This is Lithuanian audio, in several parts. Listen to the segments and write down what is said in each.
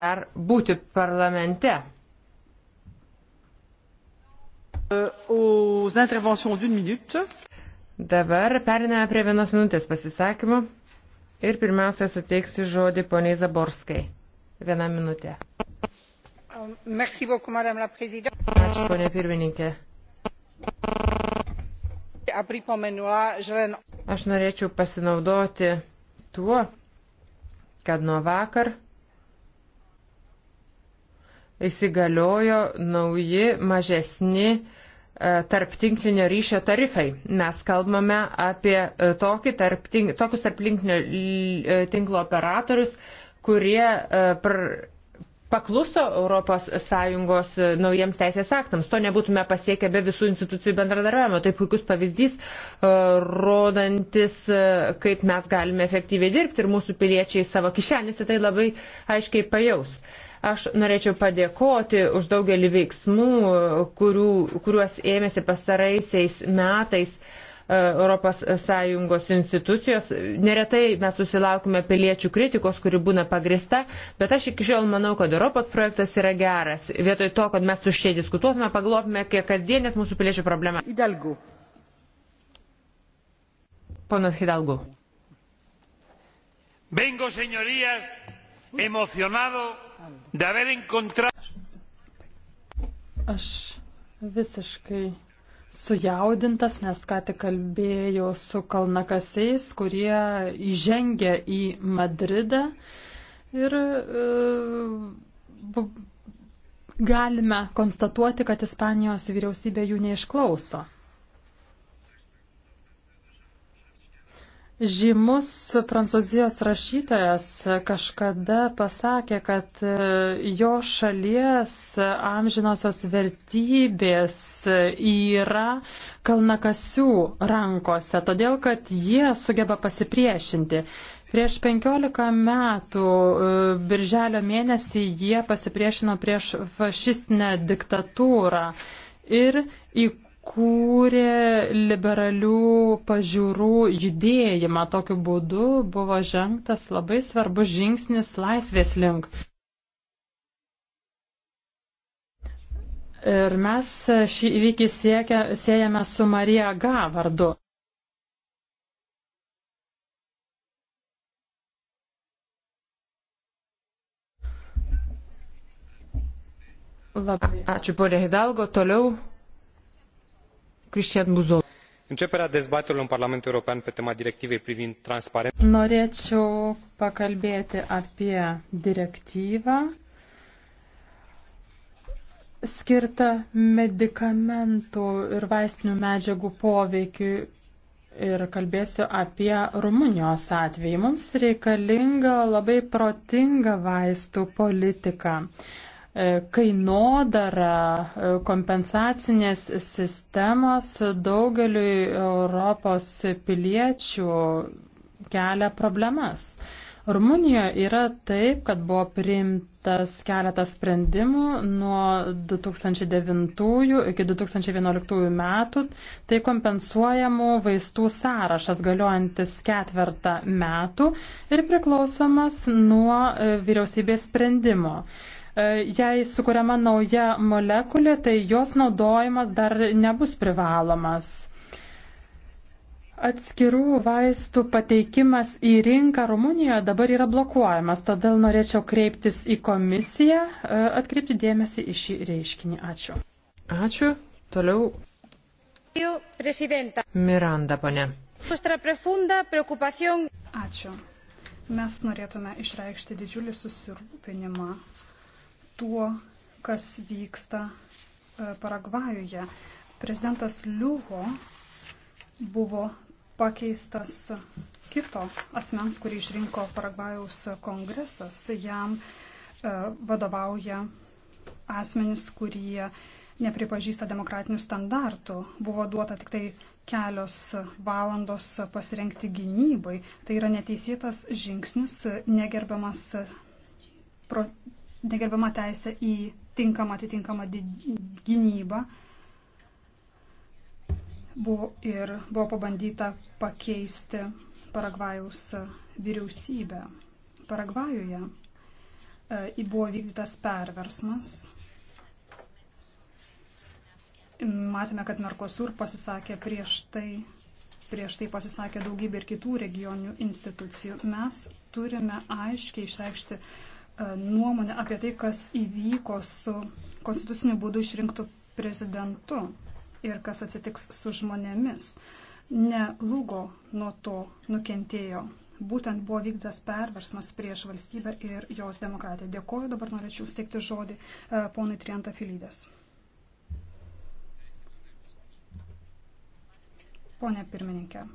dar būti parlamente. Euh, Dabar periname prie vienos minutės pasisakymų ir pirmiausia suteiksiu žodį poniai Zaborskai. Vieną minutę. Euh, Ačiū, ponė pirmininkė. Aš norėčiau pasinaudoti tuo, kad nuo vakar įsigaliojo nauji mažesni e, tarptinklinio ryšio tarifai. Mes kalbame apie e, tokį tarp, tokius tarptinklinio e, tinklo operatorius, kurie pr, pakluso ES naujiems teisės aktams. To nebūtume pasiekę be visų institucijų bendradarbiavimo. Tai puikus pavyzdys, rodantis, kaip mes galime efektyviai dirbti ir mūsų piliečiai savo kišenėse tai labai aiškiai pajaus. Aš norėčiau padėkoti už daugelį veiksmų, kurių, kuriuos ėmėsi pasaraisiais metais ES institucijos. Neretai mes susilaukime piliečių kritikos, kuri būna pagrista, bet aš iki šiol manau, kad Europos projektas yra geras. Vietoj to, kad mes tuščiai diskutuotume, pagalvokime, kiek kasdienės mūsų piliečių problema. Hidalgu. Ponas Hidalgu. Vengo, señorías, emocionado de haber encontrado. Aš visiškai sujaudintas, nes ką tik kalbėjau su kalnakasiais, kurie įžengė į Madridą ir e, galime konstatuoti, kad Ispanijos vyriausybė jų neišklauso. Žymus prancūzijos rašytojas kažkada pasakė, kad e, jo šalies amžinosios vertybės yra kalnakasių rankose, todėl kad jie sugeba pasipriešinti. Prieš 15 metų e, birželio mėnesį jie pasipriešino prieš fašistinę diktatūrą ir įkūrė sukūrė liberalių pažiūrų judėjimą. Tokiu būdu buvo žengtas labai svarbus žingsnis laisvės link. Ir mes šį įvykį siekia, siejame su Marija G. vardu. Labai. Ačiū, ponė Hidalgo. Toliau Cristian Buzol. Începerea dezbaterilor în Parlamentul European pe tema directivei privind transparența. Norėčiau pakalbėti apie direktyvą skirtą medikamentų ir vaistinių medžiagų poveikiu ir kalbėsiu apie Rumunijos atvejį. Mums reikalinga labai protinga vaistų politika. E, kainodara, e, kompensacinės sistemos daugeliui Europos piliečių kelia problemas. Rumunijoje yra taip, kad buvo priimtas keletas sprendimų nuo 2009 iki 2011 metų. Tai kompensuojamų vaistų sąrašas galiojantis ketvertą metų ir priklausomas nuo e, vyriausybės sprendimo. E, jei sukuriama nauja molekulė, tai jos naudojimas dar nebus privalomas. Atskirų vaistų pateikimas į rinką Rumunijoje dabar yra blokuojamas, todėl norėčiau kreiptis į komisiją, e, atkreipti dėmesį į šį reiškinį. Ačiū. Ačiū. Toliau. Miranda, ponė. Ačiū. Mes norėtume išreikšti didžiulį susirūpinimą tuo, kas vyksta e, Paragvajuje. Prezidentas Liuho buvo pakeistas kito asmens, kurį išrinko Paragvajaus kongresas. Jam e, vadovauja asmenys, kurie nepripažįsta demokratinių standartų. Buvo duota tik tai kelios valandos pasirengti gynybai. Tai yra neteisėtas žingsnis, negerbiamas negerbiama teisė į tinkamą atitinkamą gynybą. Buvo ir buvo pabandyta pakeisti Paragvajaus vyriausybę. Paragvajoje e, buvo vykdytas perversmas. Matėme, kad Merkosur pasisakė prieš tai, prieš tai pasisakė daugybė ir kitų regioninių institucijų. Mes turime aiškiai išreikšti uh, E, nuomonę apie tai, kas įvyko su konstituciniu būdu išrinktų prezidentu ir kas atsitiks su žmonėmis. Ne Lugo nuo to nukentėjo. Būtent buvo vykdas perversmas prieš valstybę ir jos demokratiją. Dėkoju, dabar norėčiau steigti žodį e, ponui Trianta Filydės. Pone pirmininkė,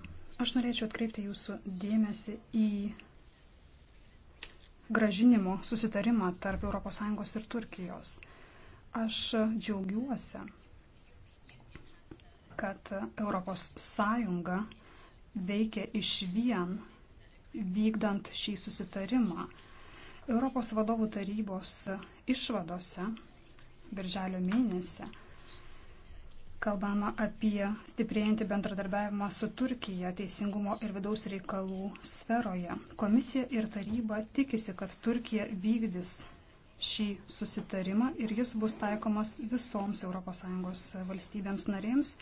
aš norėčiau atkreipti jūsų dėmesį į gražinimo susitarimą tarp ES ir Turkijos. Aš džiaugiuosi, kad ES veikia iš vien vykdant šį susitarimą. Europos vadovų tarybos išvadose birželio mėnesį kalbama apie stiprėjantį bendradarbiavimą su Turkija teisingumo ir vidaus reikalų sferoje. Komisija ir taryba tikisi, kad Turkija vykdys šį susitarimą ir jis bus taikomas visoms ES valstybėms narėms,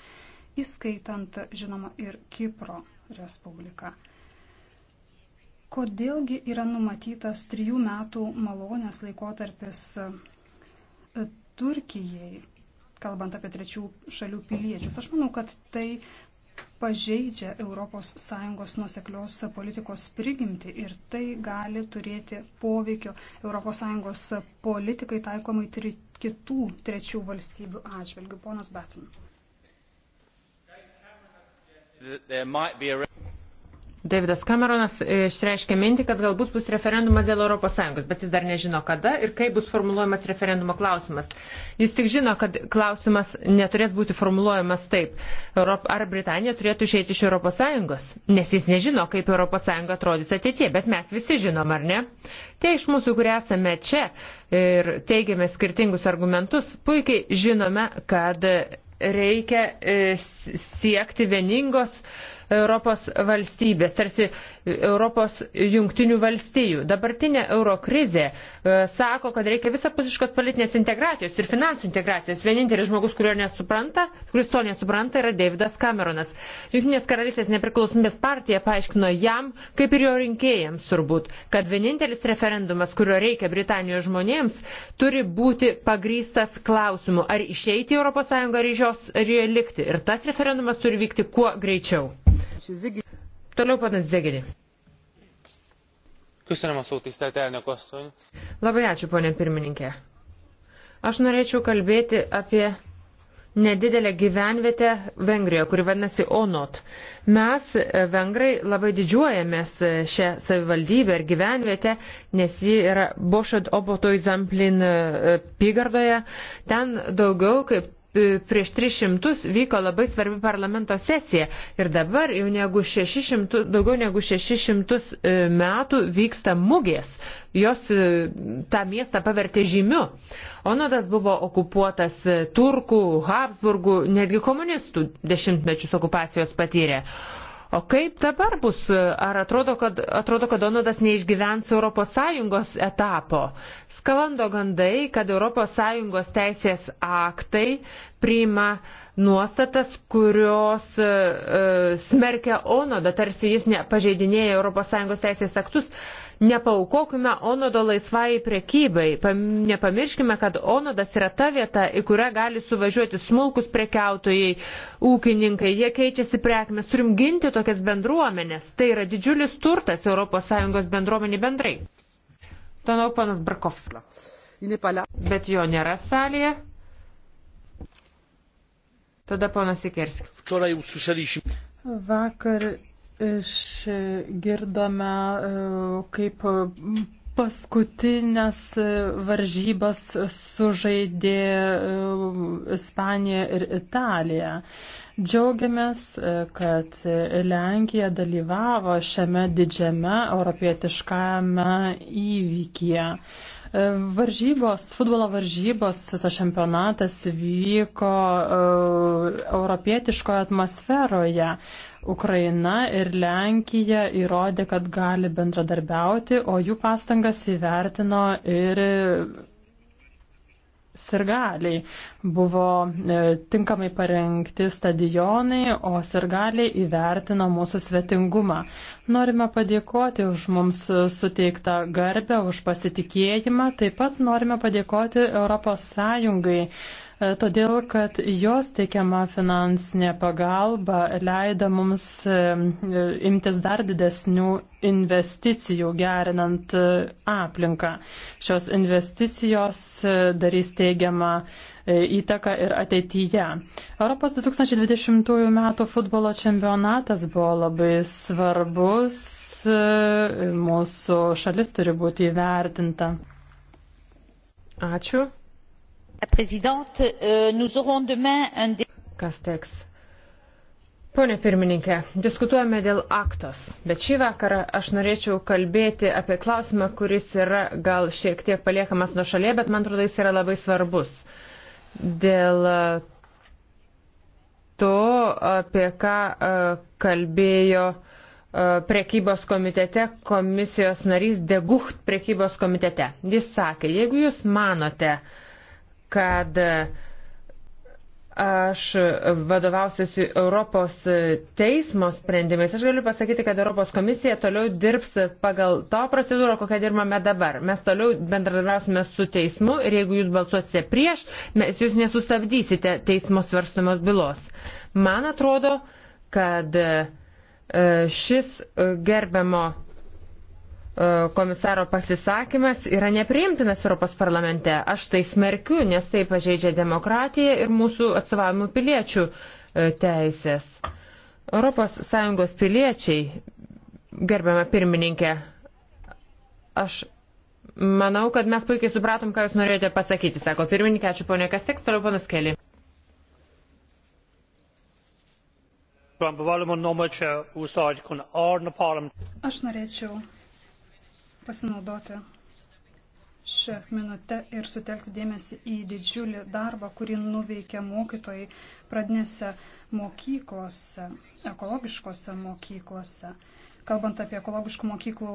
įskaitant, žinoma, ir Kipro Respubliką. Kodėlgi yra numatytas trijų metų malonės laikotarpis e, Turkijai? kalbant apie trečių šalių piliečius. Aš manau, kad tai pažeidžia ES nuseklios politikos prigimti ir tai gali turėti poveikio ES politikai taikomai tri, kitų trečių valstybių atžvilgių. Ponas Batin. Davidas Cameronas išreiškė mintį, kad galbūt bus referendumas dėl ES, bet jis dar nežino kada ir kaip bus formuluojamas referendumo klausimas. Jis tik žino, kad klausimas neturės būti formuluojamas taip, ar Britanija turėtų išeiti iš ES, nes jis nežino, kaip ES atrodys ateitie, bet mes visi žinom, ar ne? Tie iš mūsų, kurie esame čia ir teigiame skirtingus argumentus, puikiai žinome, kad reikia e, siekti vieningos Europos valstybės, tarsi Europos jungtinių valstijų. Dabartinė eurokrizė e, sako, kad reikia visapusiškos politinės integracijos ir finansų integracijos. Vienintelis žmogus, nesupranta, kuris to nesupranta, yra Davidas Cameronas. Jungtinės karalystės nepriklausomybės partija paaiškino jam, kaip ir jo rinkėjams turbūt, kad vienintelis referendumas, kurio reikia Britanijos žmonėms, turi būti pagrystas klausimu, ar išeiti į ES ar iš jos ar joje likti. Ir tas referendumas turi vykti kuo greičiau. Toliau panas Zegerį. Labai ačiū, ponė pirmininkė. Aš norėčiau kalbėti apie nedidelę gyvenvietę Vengrijoje, kuri vadinasi Onot. Mes, e, vengrai, labai didžiuojamės e, šią savivaldybę ir gyvenvietę, nes ji yra Bošad Obotoj Zamplin e, pygardoje. Ten daugiau kaip E, prieš 300 vyko labai svarbi parlamento sesija ir dabar jau negu 600, daugiau negu 600 e, metų vyksta mugės. Jos e, tą miestą pavertė žymiu. Onodas buvo okupuotas turkų, Habsburgų, netgi komunistų dešimtmečius okupacijos patyrė. O kaip dabar bus? Ar atrodo, kad, atrodo, kad Donodas neišgyvens ES etapo? Skalando gandai, kad ES teisės aktai priima nuostatas, kurios e, smerkia Onodą, tarsi jis pažeidinėja ES teisės aktus. Nepaukokime Onodo laisvai prekybai. Nepamirškime, kad Onodas yra ta vieta, į kurią gali suvažiuoti smulkus prekiautojai, ūkininkai, jie keičiasi prekmes. Turim ginti tokias bendruomenės. Tai yra didžiulis turtas ES bendruomenė bendrai. Tonau panas Barkovskis. Bet jo nėra salėje. Tada ponas Ikerskis. Vakar išgirdome, e, kaip paskutinės varžybas sužaidė e, Ispanija ir Italija. Džiaugiamės, e, kad Lenkija dalyvavo šiame didžiame europietiškame įvykyje. Varžybos, futbolo varžybos, visas čempionatas vyko europietiškoje atmosferoje. Ukraina ir Lenkija įrodė, kad gali bendradarbiauti, o jų pastangas įvertino ir sirgaliai. Buvo e, tinkamai parengti stadionai, o sirgaliai įvertino mūsų svetingumą. Norime padėkoti už mums suteiktą garbę, už pasitikėjimą. Taip pat norime padėkoti ES todėl kad jos teikiama finansinė pagalba leido mums e, imtis dar didesnių investicijų gerinant e, aplinką. Šios investicijos e, darys teigiamą įtaką ir ateityje. Europos 2020 m. futbolo čempionatas buvo labai svarbus, mūsų šalis turi būti įvertinta. Ačiū. Euh, Kas teks? Pone pirmininkė, diskutuojame dėl aktos, bet šį vakarą aš norėčiau kalbėti apie klausimą, kuris yra gal šiek tiek paliekamas nuo šalia, bet man atrodo jis yra labai svarbus. Dėl e, to, apie ką e, kalbėjo e, prekybos komitete komisijos narys Degucht prekybos komitete. Jis sakė, jeigu jūs manote, uh, kad aš vadovausiuosi Europos teismo sprendimais. Aš galiu pasakyti, kad Europos komisija toliau dirbs pagal to procedūrą, kokią dirbame dabar. Mes toliau bendradarbiausime su teismu ir jeigu jūs balsuosite prieš, mes jūs nesustabdysite teismo svarstumos bylos. Man atrodo, kad e, šis e, gerbiamo E, komisaro pasisakymas yra nepriimtinas Europos parlamente. Aš tai smerkiu, nes tai pažeidžia demokratiją ir mūsų atstovavimų piliečių e, teisės. ES piliečiai, gerbiama pirmininkė, aš manau, kad mes puikiai supratom, ką jūs norėjote pasakyti, sako pirmininkė, ačiū ponė Kasteks, toliau panas Keli. Aš norėčiau pasinaudoti šią minutę ir sutelkti dėmesį į didžiulį darbą, kurį nuveikia mokytojai pradinėse mokyklose, ekologiškose mokyklose. Kalbant apie ekologiškų mokyklų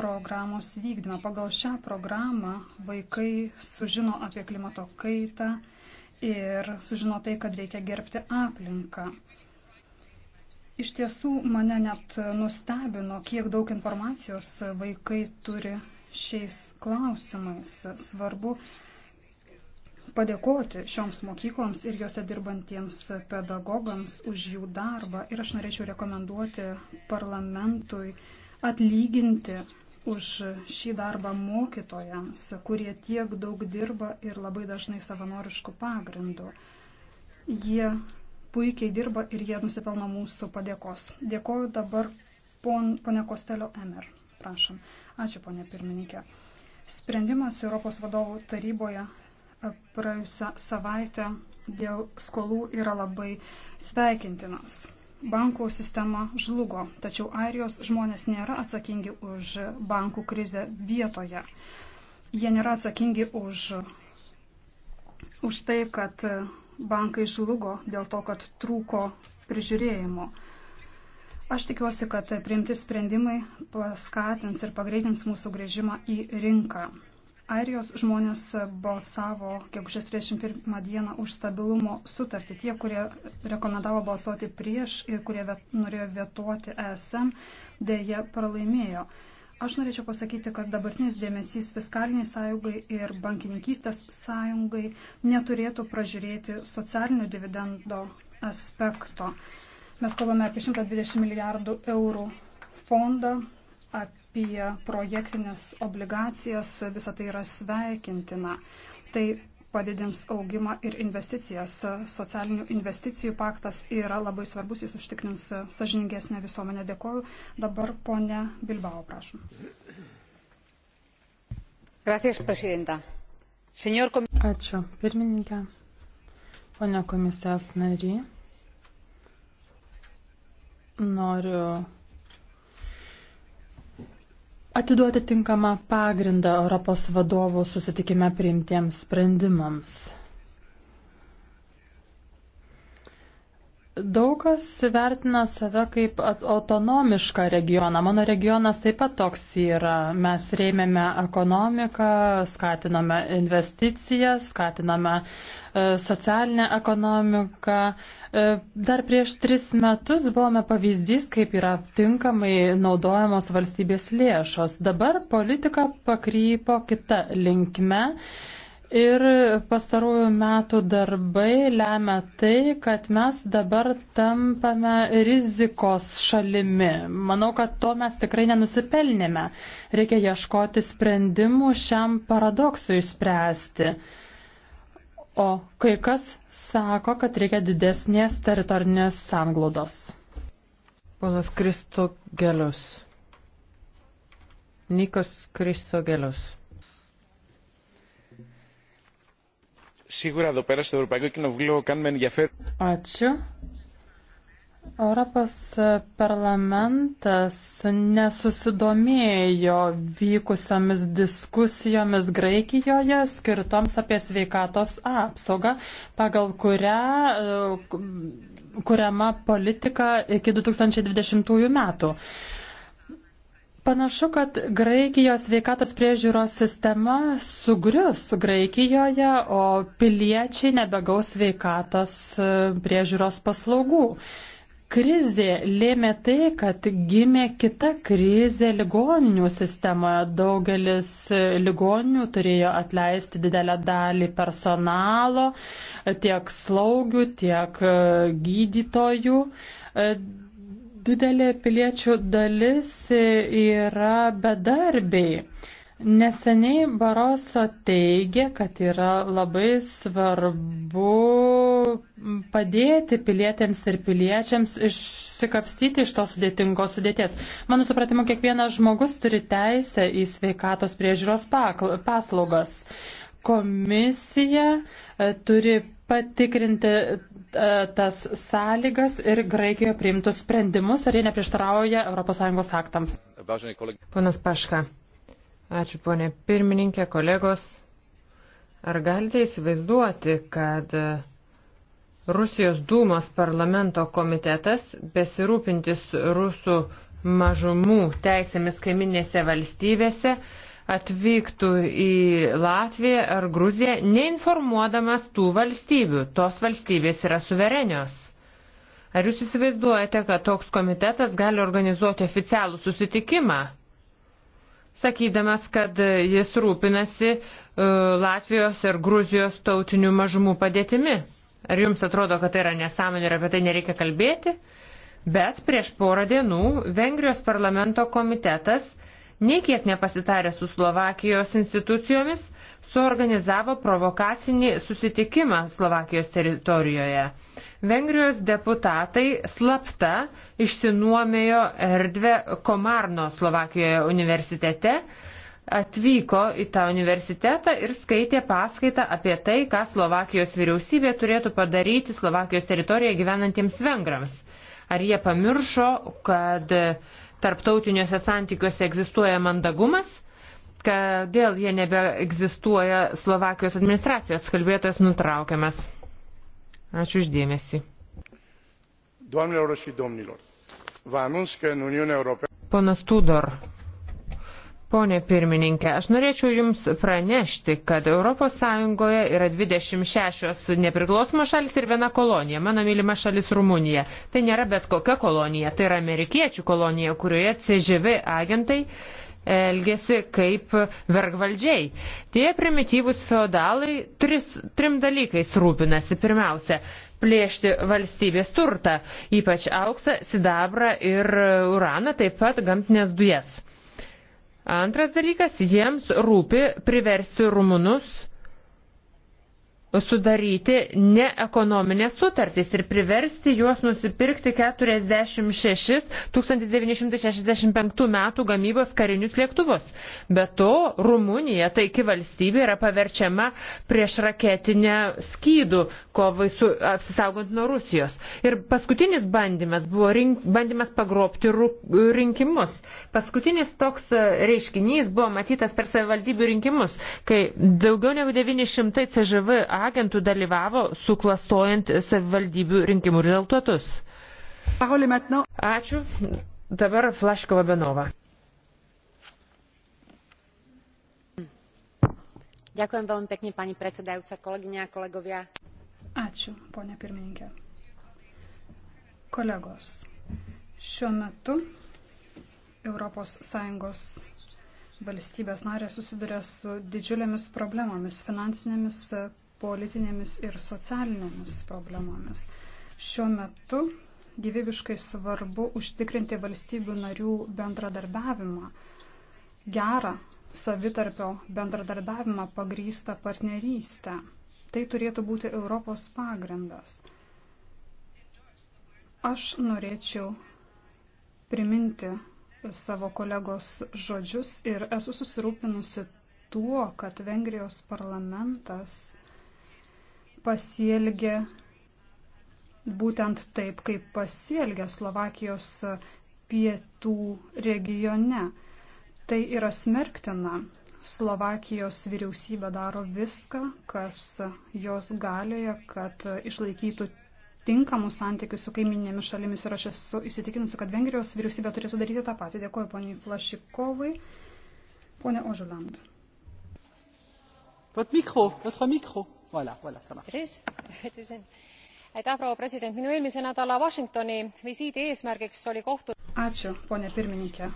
programos vykdymą, pagal šią programą vaikai sužino apie klimato kaitą ir sužino tai, kad reikia gerbti aplinką. Iš tiesų mane net nustebino, kiek daug informacijos vaikai turi šiais klausimais. Svarbu padėkoti šioms mokykloms ir juose dirbantiems pedagogams už jų darbą. Ir aš norėčiau rekomenduoti parlamentui atlyginti už šį darbą mokytojams, kurie tiek daug dirba ir labai dažnai savanoriškų pagrindų. Jie puikiai dirba ir jie nusipelno mūsų padėkos. Dėkoju dabar pon, ponė Kostelio Emer. Prašom. Ačiū, ponė pirmininkė. Sprendimas Europos vadovų taryboje e, praėjusią savaitę dėl skolų yra labai sveikintinas. Bankų sistema žlugo, tačiau Airijos žmonės nėra atsakingi už bankų krizę vietoje. Jie nėra atsakingi už, už tai, kad bankai žlugo dėl to, kad trūko prižiūrėjimo. Aš tikiuosi, kad priimti sprendimai paskatins ir pagreitins mūsų grįžimą į rinką. Airijos žmonės balsavo gegužės 31 dieną už stabilumo sutartį. Tie, kurie rekomendavo balsuoti prieš ir kurie vet, norėjo vietuoti ESM, dėja pralaimėjo. Aš norėčiau pasakyti, kad dabartinis dėmesys fiskaliniai sąjungai ir bankininkystės sąjungai neturėtų pražiūrėti socialinio dividendo aspekto. Mes kalbame apie 120 milijardų eurų fondą, apie projektinės obligacijas, visa tai yra sveikintina. Tai padidins augimą ir investicijas. Socialinių investicijų paktas yra labai svarbus, jis užtikrins sažiningesnę visuomenę. Dėkoju. Dabar ponė Bilbao, prašom. Gracias, presidenta. Senor... Ačiū, pirmininkė. Pone komisijos nary, noriu atiduoti tinkamą pagrindą Europos vadovų susitikime priimtiems sprendimams. Daugas vertina save kaip autonomišką regioną. Mano regionas taip pat toks yra. Mes rėmėme ekonomiką, skatiname investicijas, skatiname e, socialinę ekonomiką, E, dar prieš tris metus buvome pavyzdys, kaip yra tinkamai naudojamos valstybės lėšos. Dabar politika pakrypo kitą linkmę. Ir pastarųjų metų darbai lemia tai, kad mes dabar tampame rizikos šalimi. Manau, kad to mes tikrai nenusipelnėme. Reikia ieškoti sprendimų šiam paradoksui išspręsti. O kai kas sako, kad reikia didesnės teritorinės sanglaudos. Ponas Kristogelius. Nikos Kristogelius. Σίγουρα εδώ πέρα στο Ευρωπαϊκό Κοινοβούλιο κάνουμε ενδιαφέρον. Ačiū. Europos parlamentas nesusidomėjo vykusiamis diskusijomis Graikijoje skirtoms apie sveikatos apsaugą, pagal kurią e, kuriama politika iki 2020 metų. Panašu, kad Graikijos sveikatos priežiūros sistema sugrius Graikijoje, o piliečiai nebegaus sveikatos e, priežiūros paslaugų. Krizė lėmė tai, kad gimė kita krizė ligoninių sistemoje. Daugelis ligoninių turėjo atleisti didelę dalį personalo, tiek slaugių, tiek e, gydytojų. E, didelė piliečių dalis yra bedarbiai. Neseniai Baroso teigė, kad yra labai svarbu padėti pilietėms ir piliečiams išsikapstyti iš tos sudėtingos sudėties. Mano supratimu, kiekvienas žmogus turi teisę į sveikatos priežiūros paslaugas. Komisija e, turi patikrinti e, tas sąlygas ir Graikijoje priimtus sprendimus, ar jie neprieštarauja ES aktams. Ponas Paška, ačiū ponė pirmininkė, kolegos. Ar galite įsivaizduoti, kad Rusijos Dūmos parlamento komitetas besirūpintis rusų mažumų teisėmis kaiminėse valstybėse atvyktų į Latviją ar Gruziją, neinformuodamas tų valstybių. Tos valstybės yra suverenios. Ar jūs įsivaizduojate, kad toks komitetas gali organizuoti oficialų susitikimą, sakydamas, kad jis rūpinasi uh, Latvijos ir Gruzijos tautinių mažumų padėtimi? Ar jums atrodo, kad tai yra nesąmonė ir apie tai nereikia kalbėti? Bet prieš porą dienų Vengrijos parlamento komitetas, nei kiek nepasitarė su Slovakijos institucijomis, suorganizavo provokacinį susitikimą Slovakijos teritorijoje. Vengrijos deputatai slapta išsinuomėjo erdvę Komarno Slovakijoje universitete, atvyko į tą universitetą ir skaitė paskaitą apie tai, ką Slovakijos vyriausybė turėtų padaryti Slovakijos teritorijoje gyvenantiems vengrams. Ar jie pamiršo, kad tarptautiniuose santykiuose egzistuoja mandagumas? Kodėl jie nebeegzistuoja Slovakijos administracijos? Kalbėtojas nutraukiamas. Ačiū uždėmesi. Doamnelor și domnilor, vă anunț că în Uniunea Europeană... Ponas Tudor, Pone pirmininkė, aš norėčiau Jums pranešti, kad ES yra 26 nepriklausomos šalis ir viena kolonija, mano mylima šalis Rumunija. Tai nėra bet kokia kolonija, tai yra amerikiečių kolonija, kurioje CŽV agentai elgesi kaip vergvaldžiai. Tie primityvūs feodalai tris, trim dalykais rūpinasi. Pirmiausia, plėšti valstybės turtą, ypač auksą, sidabrą ir uraną, taip pat gamtinės dujas. Antras dalykas, jiems rūpi priversti rumunus sudaryti neekonominės sutartys ir priversti juos nusipirkti 46 1965 metų gamybos karinius lėktuvus. Be to, Rumunija, taiki valstybė, yra paverčiama prieš raketinę skydų kovai su apsisaugant nuo Rusijos. Ir paskutinis bandymas buvo rink, bandymas pagrobti ru, rinkimus. Paskutinis toks e, reiškinys buvo matytas per savivaldybių rinkimus, kai daugiau negu 900 CŽV agentų dalyvavo suklastojant savivaldybių rinkimų rezultatus. Ačiū. Dabar Flaškova Benova. Ďakujem veľmi pekne, pani predsedajúca, kolegyňa a kolegovia. Ačiū, ponia pirmininkė. Kolegos, šiuo metu ES valstybės narės susiduria su didžiulėmis problemomis - finansinėmis, politinėmis ir socialinėmis problemomis. Šiuo metu gyvybiškai svarbu užtikrinti valstybių narių bendradarbiavimą, gerą savitarpio bendradarbiavimą pagrystą partnerystę. Tai turėtų būti Europos pagrindas. Aš norėčiau priminti savo kolegos žodžius ir esu susirūpinusi tuo, kad Vengrijos parlamentas pasielgė būtent taip, kaip pasielgė Slovakijos pietų regione. Tai yra smerktina. Slovakijos vyriausybė daro viską, kas jos galioje, kad išlaikytų tinkamų santykių su kaiminėmis šalimis ir aš esu įsitikinusi, kad Vengrijos vyriausybė turėtų daryti tą patį. Dėkuoju poniai Flašikovai. Pone Ožuland. Votre micro, votre micro. Voilà, voilà, ça marche. aitäh, proua president, minu eelmise nädala Washingtoni visiidi eesmärgiks oli kohtu-. ačiū, ponė pirmininkė.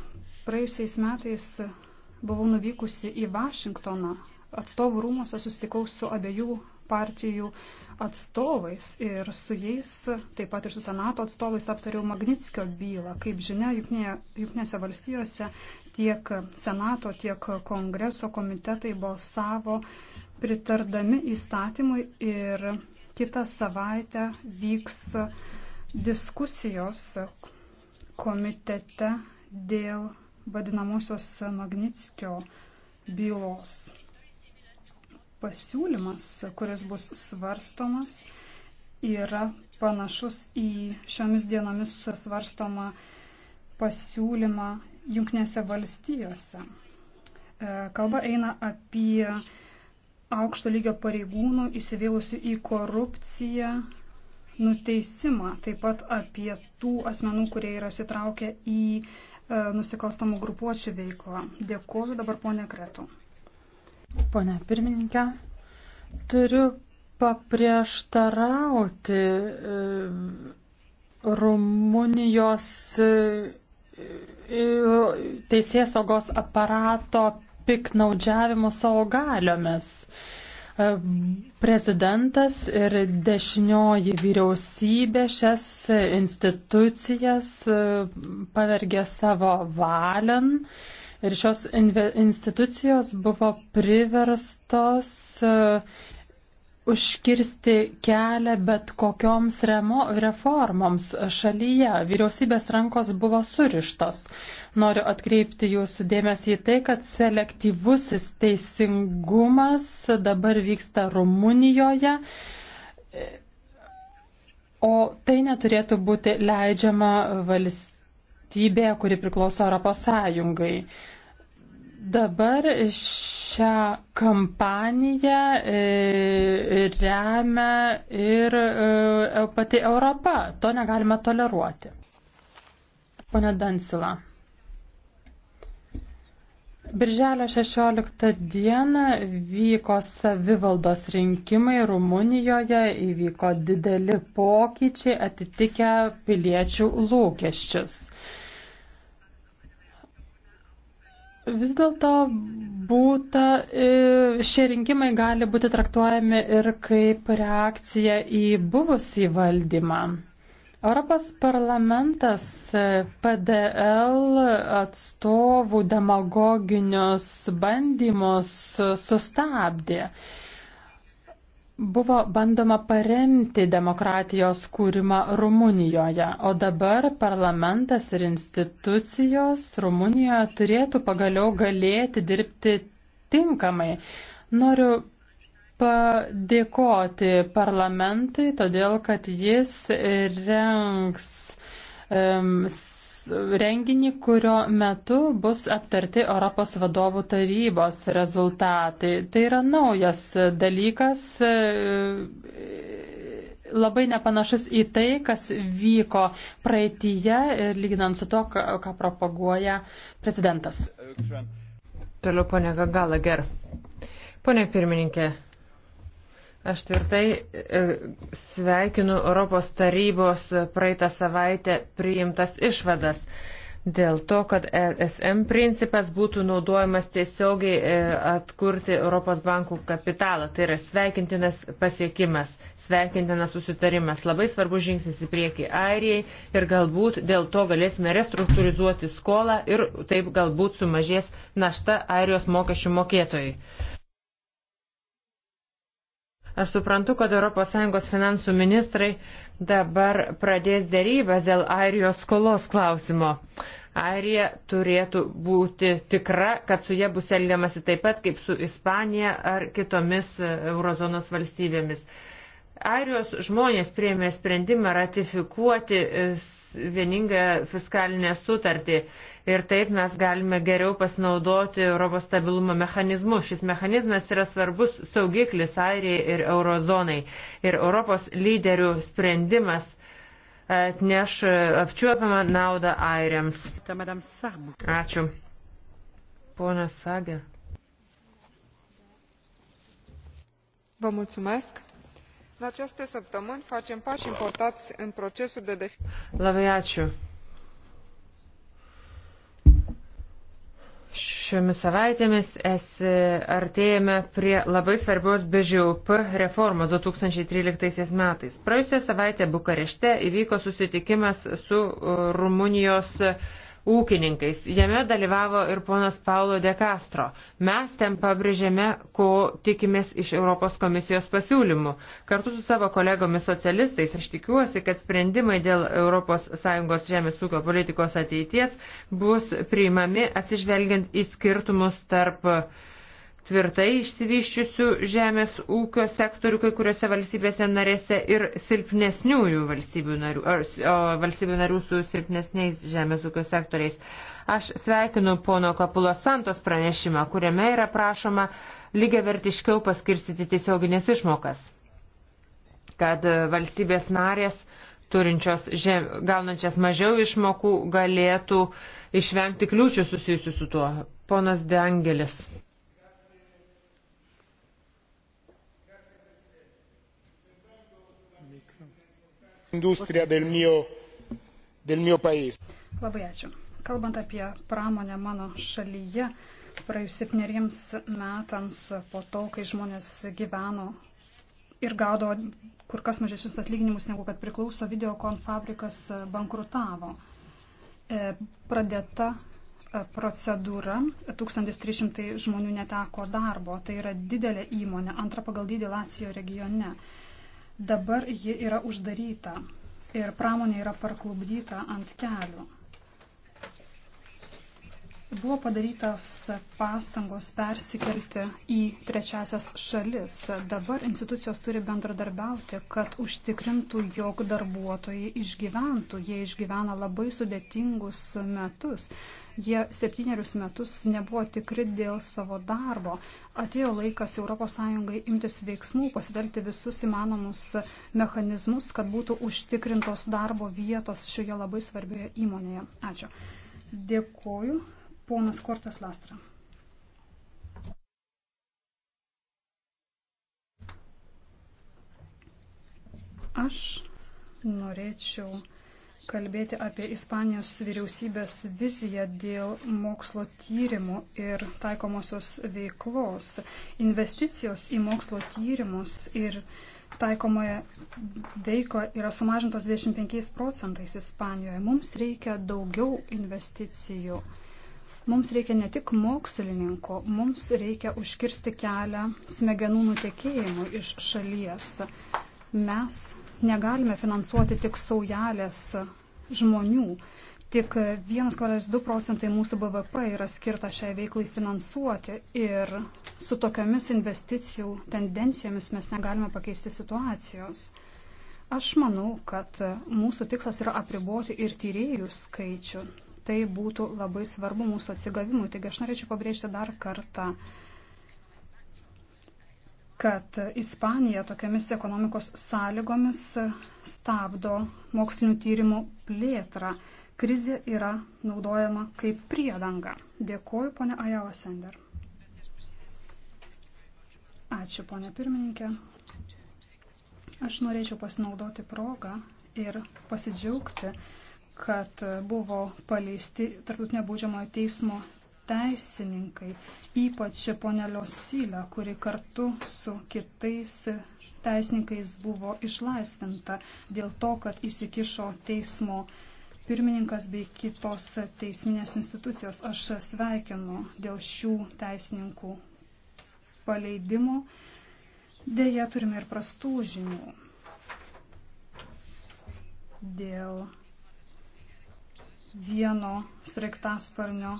Praėjusiais metais buvau nuvykusi į Vašingtoną. Atstovų rūmose susitikau su abiejų partijų atstovais ir su jais, taip pat ir su Senato atstovais aptariau Magnitskio bylą. Kaip žinia, Junktinėse valstijose tiek Senato, tiek Kongreso komitetai balsavo pritardami įstatymui ir kitą savaitę vyks diskusijos komitete dėl vadinamosios Magnitskio bylos pasiūlymas, kuris bus svarstomas, yra panašus į šiomis dienomis svarstomą pasiūlymą Junknėse valstijose. E, kalba eina apie aukšto lygio pareigūnų įsivėlusių į korupciją nuteisimą, taip pat apie tų asmenų, kurie yra sitraukę į e, nusikalstamų grupuočių veiklą. Dėkuoju dabar ponė Kretų ponia pirmininkė. Turiu paprieštarauti e, Rumunijos e, e, teisėsaugos aparato piknaudžiavimu savo galiomis. Prezidentas ir dešinioji vyriausybė šias institucijas pavergė savo valion. Ir šios institucijos buvo priverstos e, užkirsti kelią bet kokioms remo, reformoms šalyje. Vyriausybės rankos buvo surištos. Noriu atkreipti jūsų dėmesį į tai, kad selektyvusis teisingumas dabar vyksta Rumunijoje. E, o tai neturėtų būti leidžiama valstybė valstybė, kuri priklauso Europos Sąjungai. Dabar šią kampaniją e, remia ir e, pati Europa. To negalima toleruoti. Pone Dansila. Birželio 16 dieną vyko savivaldos rinkimai Rumunijoje, įvyko dideli pokyčiai atitikę piliečių lūkesčius. vis dėlto būta, e, šie rinkimai gali būti traktuojami ir kaip reakcija į buvusį valdymą. Europos parlamentas e, PDL atstovų demagoginius bandymus sustabdė buvo bandoma paremti demokratijos kūrimą Rumunijoje, o dabar parlamentas ir institucijos Rumunijoje turėtų pagaliau galėti dirbti tinkamai. Noriu padėkoti parlamentui, todėl kad jis rengs um, renginį, kurio metu bus aptarti Europos vadovų tarybos rezultatai. Tai yra naujas dalykas, labai nepanašus į tai, kas vyko praeitįje ir lyginant su to, ką propaguoja prezidentas. Toliau, ponė Gagalager. Pone pirmininkė, Aš tvirtai e, sveikinu Europos tarybos praeitą savaitę priimtas išvadas dėl to, kad ESM principas būtų naudojamas tiesiogiai e, atkurti Europos bankų kapitalą. Tai yra sveikintinas pasiekimas, sveikintinas susitarimas, labai svarbus žingsnis į priekį Airijai ir galbūt dėl to galėsime restruktūrizuoti skolą ir taip galbūt sumažės našta Airijos mokesčių mokėtojai. Aš suprantu, kad ES finansų ministrai dabar pradės dėrybas dėl Airijos skolos klausimo. Airija turėtų būti tikra, kad su jie bus elgiamasi taip pat kaip su Ispanija ar kitomis eurozonos valstybėmis. Airijos žmonės prieėmė sprendimą ratifikuoti vieningą fiskalinę sutartį ir taip mes galime geriau pasinaudoti Europos stabilumo mechanizmu. Šis mechanizmas yra svarbus saugiklis Airijai ir eurozonai. Ir Europos lyderių sprendimas atneš apčiuopiamą naudą airiams. Ačiū. Ponas Sagė. Vă mulțumesc. În aceste săptămâni facem pași importanți în procesul de definiție. Labai ačiū. Šiomis savaitėmis esi e, artėjame prie labai svarbios BŽUP reformos 2013 metais. Praėjusią savaitę Bukarešte įvyko susitikimas su e, Rumunijos uh, ūkininkais. Jame dalyvavo ir ponas Paulo De Castro. Mes ten pabrėžėme, ko tikimės iš Europos komisijos pasiūlymų. Kartu su savo kolegomis socialistais aš tikiuosi, kad sprendimai dėl ES žemės ūkio politikos ateities bus priimami atsižvelgiant į skirtumus tarp uh, tvirtai išsivyščiusių žemės ūkio sektorių kai kuriuose valstybėse narėse ir silpnesniųjų valstybių narių, ar, o, valstybių narių su silpnesniais žemės ūkio sektoriais. Aš sveikinu pono Kapulo Santos pranešimą, kuriame yra prašoma lygiai vertiškiau paskirstyti tiesioginės išmokas, kad valstybės narės turinčios žem, gaunančias mažiau išmokų galėtų išvengti kliūčių susijusių su tuo. Ponas De Angelis. industriją del mio, del mio paese. Labai ačiū. Kalbant apie pramonę mano šalyje, praėjus septyneriems metams po to, kai žmonės gyveno ir gaudo kur kas mažesnius atlyginimus negu kad priklauso, videokon fabrikas e, bankrutavo. E, pradėta e, procedūra, 1300 žmonių neteko darbo, tai yra didelė įmonė, antra pagal dydį Lacijo regione. Dabar ji yra uždaryta ir pramonė yra parklubdyta ant kelių. Buvo padarytos pastangos persikelti į trečiasias šalis. Dabar institucijos turi bendradarbiauti, kad užtikrintų, jog darbuotojai išgyventų. Jie išgyvena labai sudėtingus metus. Jie septynerius metus nebuvo tikri dėl savo darbo. Atėjo laikas ES imtis veiksmų, pasidaryti visus įmanomus mechanizmus, kad būtų užtikrintos darbo vietos šioje labai svarbioje įmonėje. Ačiū. Dėkuoju. Ponas Kortas Lastra. Aš norėčiau kalbėti apie Ispanijos vyriausybės viziją dėl mokslo tyrimų ir taikomosios veiklos. Investicijos į mokslo tyrimus ir taikomąją veiklą yra sumažintos 25 procentais Ispanijoje. Mums reikia daugiau investicijų. Mums reikia ne tik mokslininko, mums reikia užkirsti kelią smegenų nutekėjimui iš šalies. Mes negalime finansuoti tik saujelės žmonių. Tik 1,2 procentai mūsų BVP yra skirta šiai veiklai finansuoti ir su tokiamis investicijų tendencijomis mes negalime pakeisti situacijos. Aš manau, kad mūsų tikslas yra apriboti ir tyriejų skaičių. Tai būtų labai svarbu mūsų atsigavimui. Taigi aš norėčiau pabrėžti dar kartą kad Ispanija tokiamis ekonomikos sąlygomis stabdo mokslinių tyrimų plėtrą. Krizė yra naudojama kaip priedanga. Dėkuoju, ponia Ajala Sender. Ačiū, ponia pirmininkė. Aš norėčiau pasinaudoti progą ir pasidžiaugti, kad buvo paleisti tarptautinio būdžiamojo teismo teisininkai, ypač ponė Liosylė, kuri kartu su kitais teisininkais buvo išlaisvinta dėl to, kad įsikišo teismo pirmininkas bei kitos teisminės institucijos. Aš sveikinu dėl šių teisininkų paleidimo. Deja, turime ir prastų žinių dėl vieno sraigtasparnio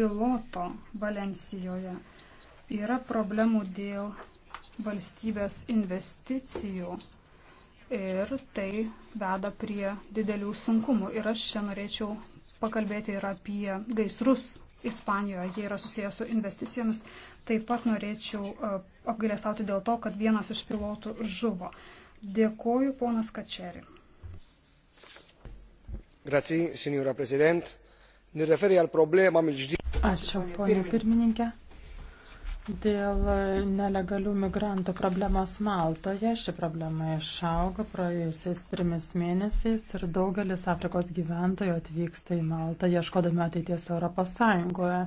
piloto Valencijoje. Yra problemų dėl valstybės investicijų ir tai veda prie didelių sunkumų. Ir aš čia norėčiau pakalbėti ir apie gaisrus Ispanijoje, jie yra susijęs su investicijomis. Taip pat norėčiau e, apgailestauti dėl to, kad vienas iš pilotų žuvo. Dėkoju, ponas Kačeri. Grazie, signora Presidente. Ačiū, ponė pirmininkė. Dėl nelegalių migrantų problemos Maltoje ši problema išaugo praėjusiais trimis mėnesiais ir daugelis Afrikos gyventojų atvyksta į Maltą ieškodami ateities Europos Sąjungoje.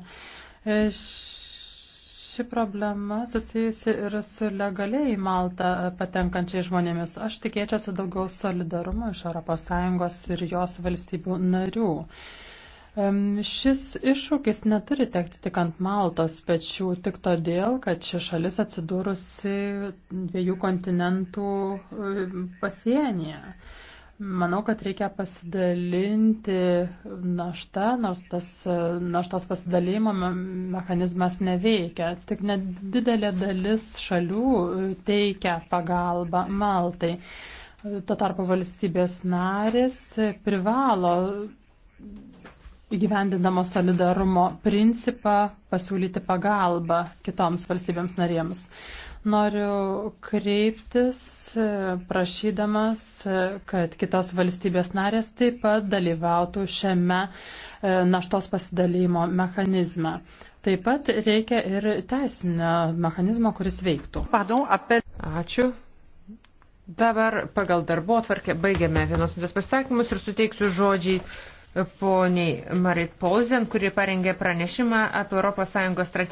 Ši problema susijusi ir su legaliai į Maltą patenkančiai žmonėmis. Aš tikėčiausi daugiau solidarumo iš Europos Sąjungos ir jos valstybių narių. Šis iššūkis neturi tekti tik ant Maltos pečių, tik todėl, kad ši šalis atsidūrusi dviejų kontinentų pasienyje. Manau, kad reikia pasidalinti naštą, nors tas e, naštos pasidalymo mechanizmas neveikia. Tik nedidelė dalis šalių e, teikia pagalbą Maltai. Tuo tarpu valstybės narės privalo įgyvendindama solidarumo principą pasiūlyti pagalbą kitoms valstybėms narėms. Noriu kreiptis, e, prašydamas, e, kad kitos valstybės narės taip pat dalyvautų šiame e, naštos pasidalymo mechanizme. Taip pat reikia ir teisinio mechanizmo, kuris veiktų. Ačiū. Dabar pagal darbo atvarkę baigiame vienos minutės pasakymus ir suteiksiu žodžiai poniai Marit Polzen, kuri parengė pranešimą apie ES strategiją.